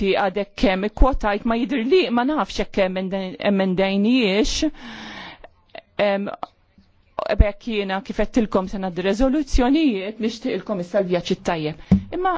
ti għadek kemm ikkwotajt ma jidr li ma nafx hekk hemm emendejniex bekk jiena kif tilkom sena d-reżoluzzjonijiet nixtieq il issa l tajjeb. Imma